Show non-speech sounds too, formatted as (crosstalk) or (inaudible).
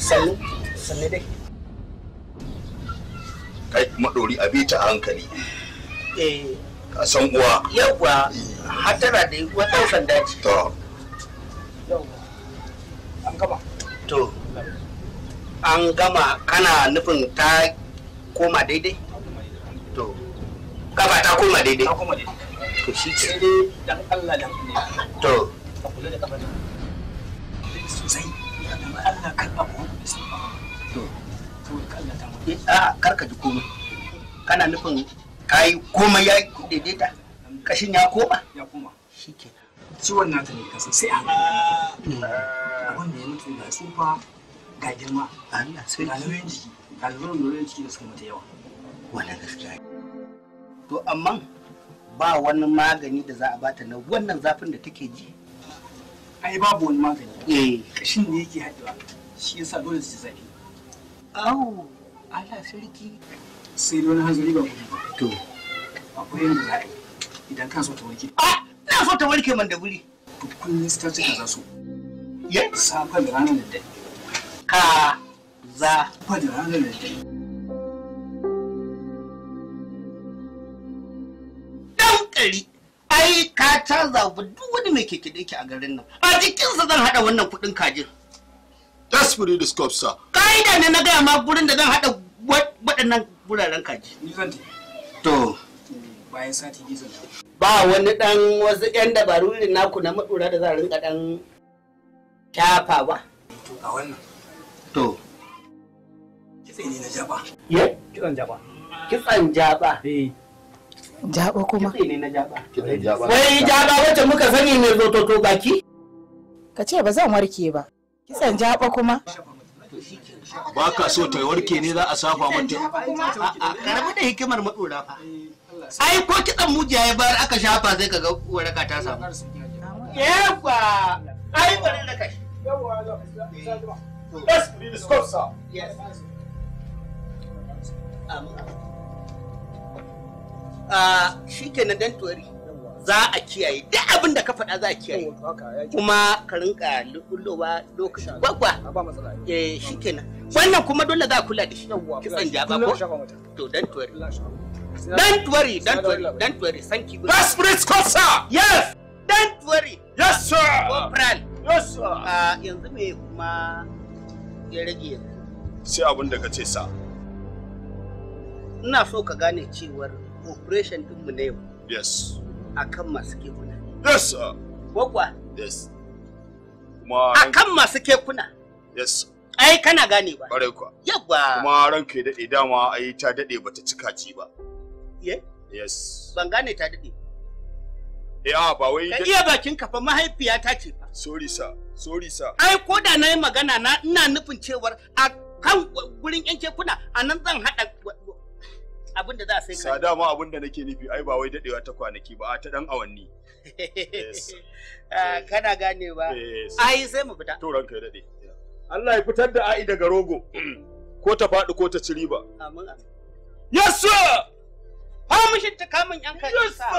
sannu dai kai a bi ta hankali eh. ka san uwa yawwa da to an gama to an gama kana nufin ta koma daidai to kafa ta koma daidai to shi ce to don Allah da to to ka Allah ta mutu a kar ka ji komai kana nufin kai komai ya daidaita kashin ya koma ya koma shikenan ciwon nata ne sai abin da ya mutu ga tsufa ga girma Allah sai ga nauyin jiki ga nauyin jiki da suka mata yawa wannan gaskiya to amma ba wani magani da za a bata na wannan zafin da take ji ai babu wani magani eh. kashin ne yake haɗewa shi yasa dole su zafi awo ala sarki sai wani hanzari ba kuma to akwai yadda za a yi idan ka so ta warke a ah! na so ta warke man da wuri to kullum ta ce ka za so ya safa da ranar da dare ka za fa da ranar da dare dan kari ai ka canza duk wani mai keke da yake a garin nan a jikinsa zan hada wannan kudin kajin that's pretty the scope sir kaida ne na gaya ma gurin da zan hada waɗannan guraren kaji ni zan to bayan sati zan ba wani dan wasu yan dabaru ne naku na madura da za a rinka dan kyafa ba to ga wannan to kitse ne na jaba ye kitsan jaba kitsan jaba eh Jaba kuma? Wai jaba wacce muka sani mai zototo baki? Ka ce ba zan warke ba. kisan jaba kuma? Ba ka so ta warke ne za a safa mata. Karbi da hikimar matsora fa. Eh, Ai ko kitsan mujiya ya bayar aka shafa sai kaga waraka ta samu. Yawa! Ai bari na kashi. Yawa! Yes, please, stop, sir. Yes. shi ke na tuwari za a kiyaye duk abin da ka faɗa za a kiyaye kuma ka rinka lullowa lokacin gwagwa eh shi kenan wannan kuma dole za a kula da shi kitsan jaba ko to dantori. Dantori-dantori-dantori, san ki gudu yes bas prince kosa yes Dantori. yes sir corporal yes sir yanzu me kuma ya rage sai abin da ka ce sa ina so ka gane cewar operation ɗinmu na Yes. A kan masu kekuna. Yes, sir. Gwagwa. Yes. Kuma. A kan masu kekuna. Yes. Ai, kana gane ba. Ƙwarai kuwa. Yawwa. Kuma ranka ya daɗe dama ai ta daɗe bata cika ci ba. Ye? Yes. Ban gane ta daɗe. Eh, a ba wai. Ka iya bakin ka fa mahaifiyata ce fa. Sorry, sir. Sorry, sir. Ai, ko da na yi magana na ina nufin cewar a kan gurin yan kekuna a nan zan haɗa abin da za a sai Sada ma abin da nake nufi ai ba wai dadewa ta kwanaki ba ta dan awanni. (laughs) Ah, kana gane ba. Ai sai mu fita. To ranka ya dade. Allah ya fitar da ai daga rogo. (clears throat) Ko ta faɗi ko ta ci riba. Amin. Yes sir. Ha mushin ta kamun yan kanisa.